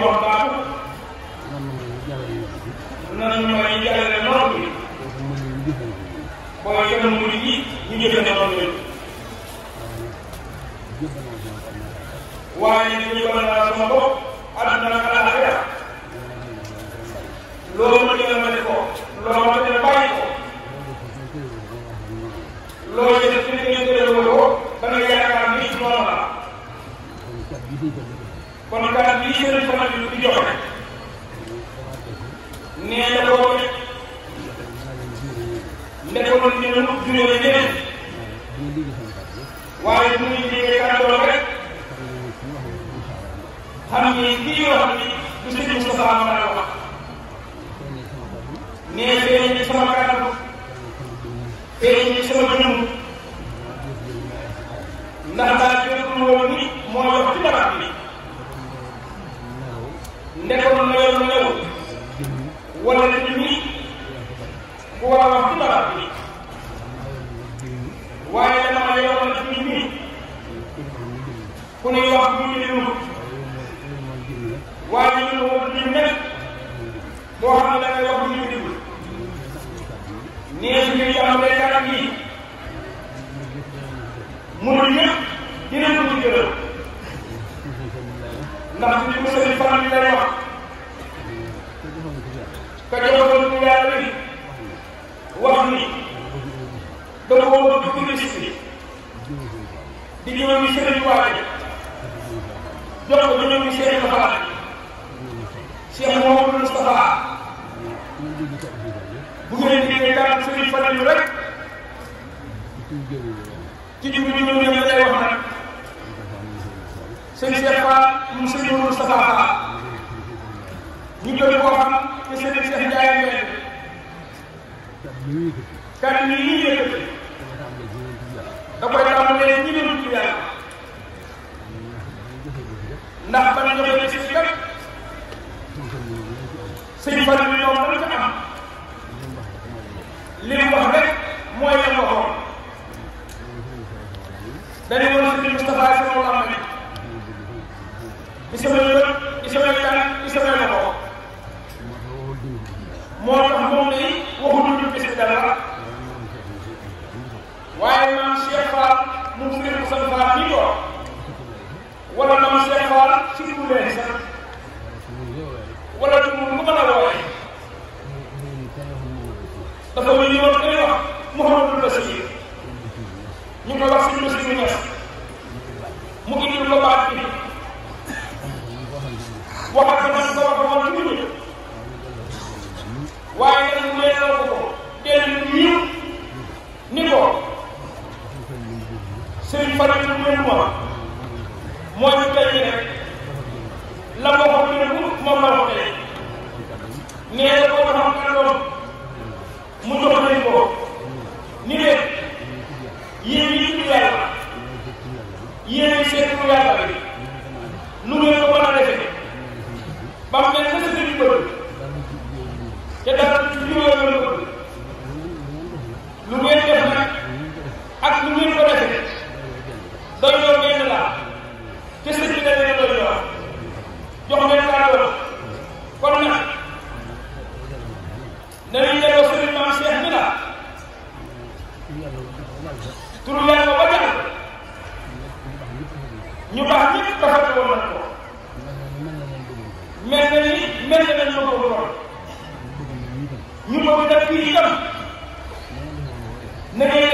joxoon baabu. nan ñu may jàllale morom bi. boo yoroon mu di ji ñu jëfandikoo morom bi. waaye nit ñi jëfandikoo naa sama bopp àdduna ak àllaaxira loolu ma jëlee ma ne ko loolu kon garab yi ñu gën a xamante ni du joxe nee na boobu nekkoon ni lu juróomi ñeneen waaye bu ñu liggéey kàddoom rek xam ni kii yoo xam ni du sëriñ sa sama mën a wax nee feeñ ni sama kàddu feeñ ni sama jëm ndax daa jël woon ni moo yor ci dabaat nekkoon na yoon newul wala nit ñi ku war a wax ci barab bi waaye dama yoon na ci nit ku ne wax ñu ngi déglu waaye ñu ngi woon di nekk boo xam ne da ngay wax ñu ngi déglu nee suñu yaram day kanam yi mënul ñëpp dinañ ko ci ndax li mu sëriñ Fall mi lay wax te joxoon ñu yàlla bi wax ni dama ko bëgg ku ne gis ni di ñëw ni sëriñ Fall jox ko ñu ñëw ni sëriñ Fall Cheikh Mouhamadou Moustapha bu ngeen déggee daal sëriñ Fall rek ci jiwu ñu ñëw lay wax nag sëñ Cheikh Fall mu sëñ Moustapha Fall ñu gën koo xam te sëñ Cheikh Ndiaye Mbène kàddu yi ñuy yëkkati da koy tàmbalee ñi leen ci yàlla ndax ban joxe ci kat sëñ Fall ñoom dañ ñu ne mu ngi dund baat bi waxaat ko man nga wax man lu ñu waaye nag leeral ko ko dellu ñu ni ko sëriñ Fallou lu mel ma mooy ñu tey rek la ma ko ne moom la ko tey nee ñeneen seetlu yàlla bi nu ngeen ko mën a defee ba mu itam na ngeen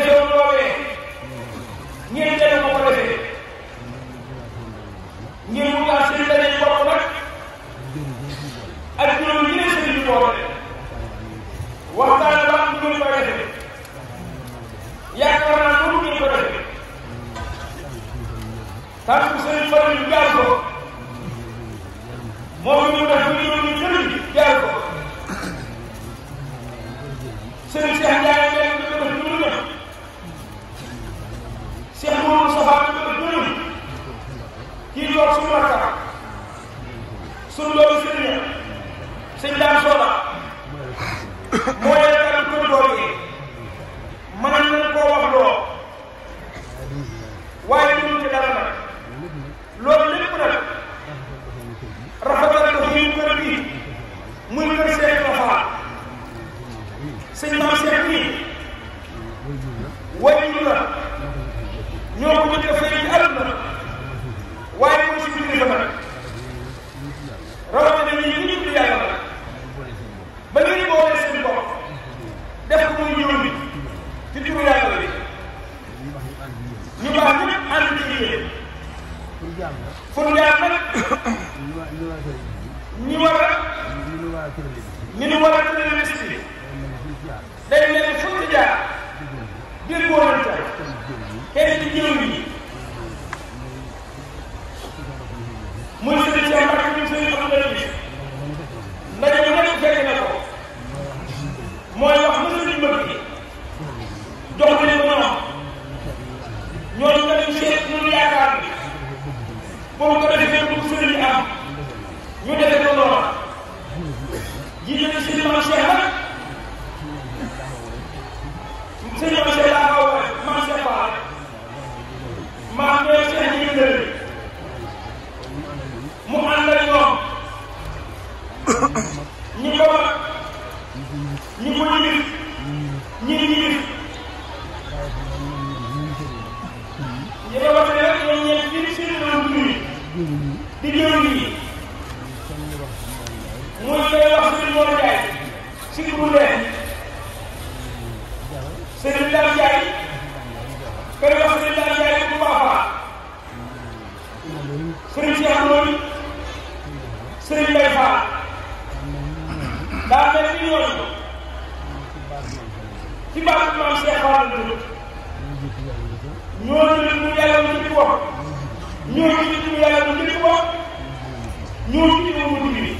moom suñu waxtaan suñu loolu sëriñ sëñ daan soola moo leen kanam kuréel boobu ñu defee ko noonu jiite na si maam Cheikh la sëñ maam Cheikh laa ko waxee maam Cheikh Fall maam ñooy Cheikh ñu gën mu ànd ak ñoom ñi ko mag ñi ko yilif ñi yilif ñu ko wax ne rek ñoom ñeent fii si di jëw muy koy wax sëriñ Mor Ndiaye sëriñ Bouré sëriñ Dame Ndiaye koy wax sëriñ Dame Ndiaye bu baax sëriñ Cheikh Ndoye sëriñ Mbaye Fall daa mel ni ñooñu ci baax maam Cheikh Fall ñooñu nit mu yàlla mu njëkk wax ñooñu nit mu yàlla mu njëkk wax ñooñu nit mu mujj bi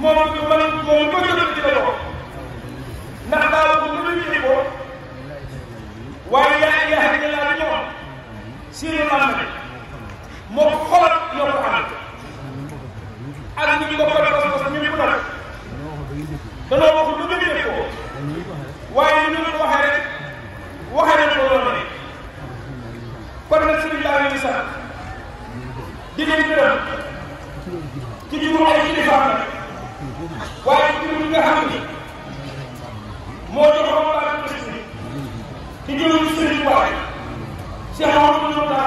moom ak moom ak moom bëgg na ci la Se a palavra do Jornal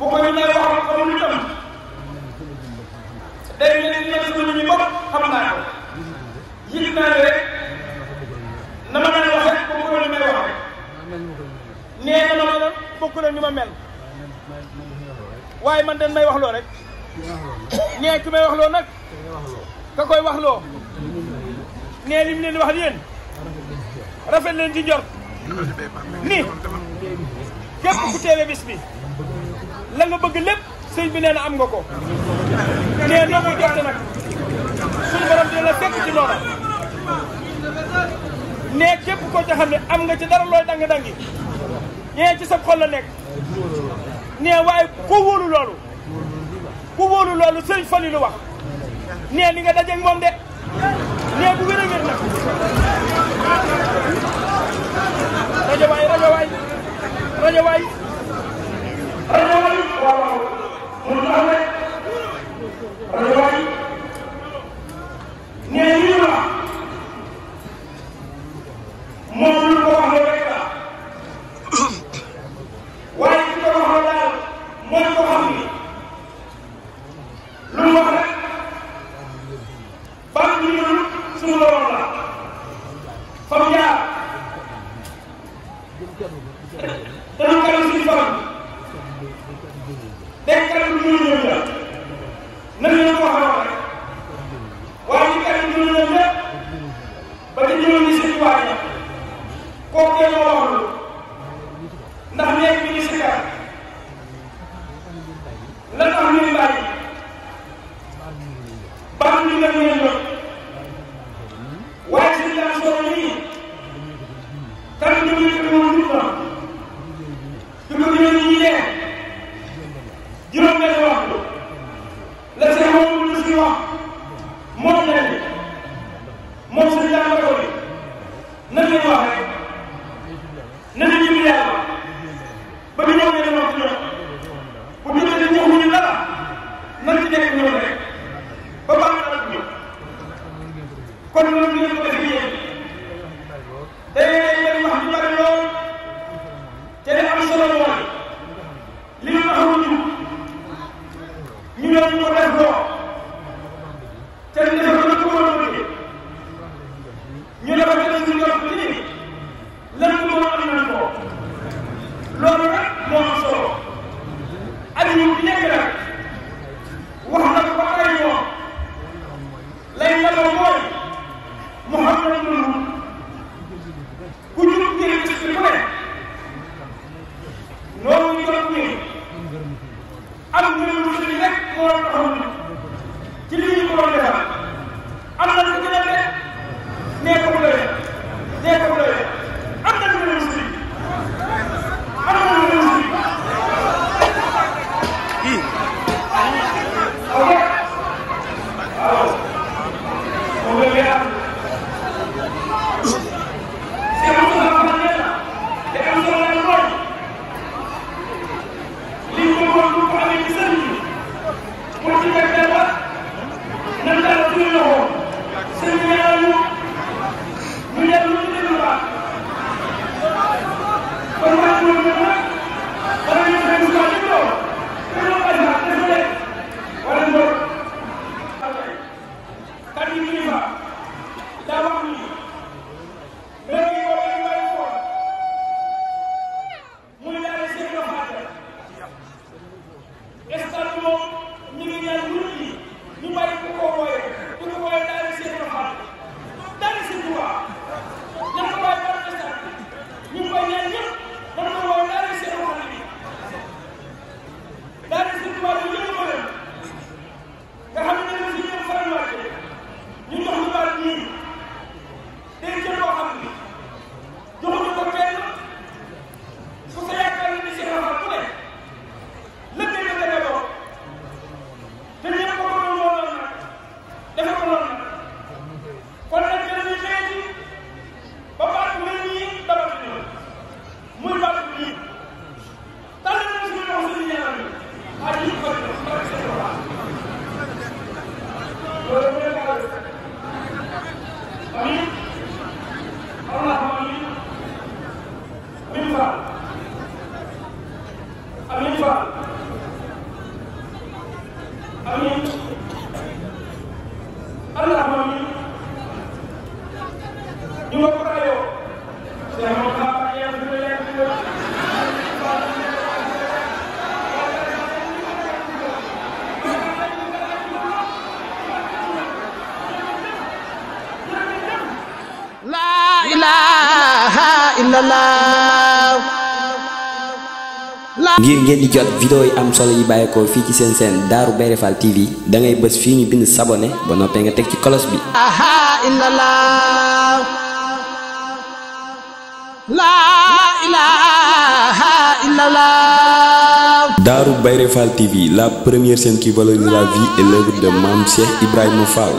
bu ko ñu may wax ko ñu tam day mel ni man sama ñu bopp xam naa ko yëg naa ne rek na ma mën a wax rek bokk leen ni may wax rek nee na ma bokk leen ni ma mel waaye man dañ may wax loo rek nee ki may wax loo nag ka koy wax loo nee li mu leen wax yéen rafet leen ci njort ni képp ku teewe bis bi la nga bëgg lepp sëñ bi nee am nga ko né noo ko joxe nak sun borom dina fekk ci loolu né képp ko ca xamné am nga ci dara loy dang-dangi nee ci sa xol la nek né way ku wolu loolu ku wolu loolu sëñ fali lu wax né li nga dajé mom dé né bu wéré a nak nag rajo waay rajo waay rajo waay Moom Kalyan ngir ngeen di jot vidéo yi am solo yi bàyyeekoo fii ci seen seen daaru Bairé Fall TV da bës fii ñu bind sabone ba noppee nga teg ci kolos bi. Darou Bairé Fall TV la première chaîne qui valorise vie et de Mame Cheikh Ibrahima Fall.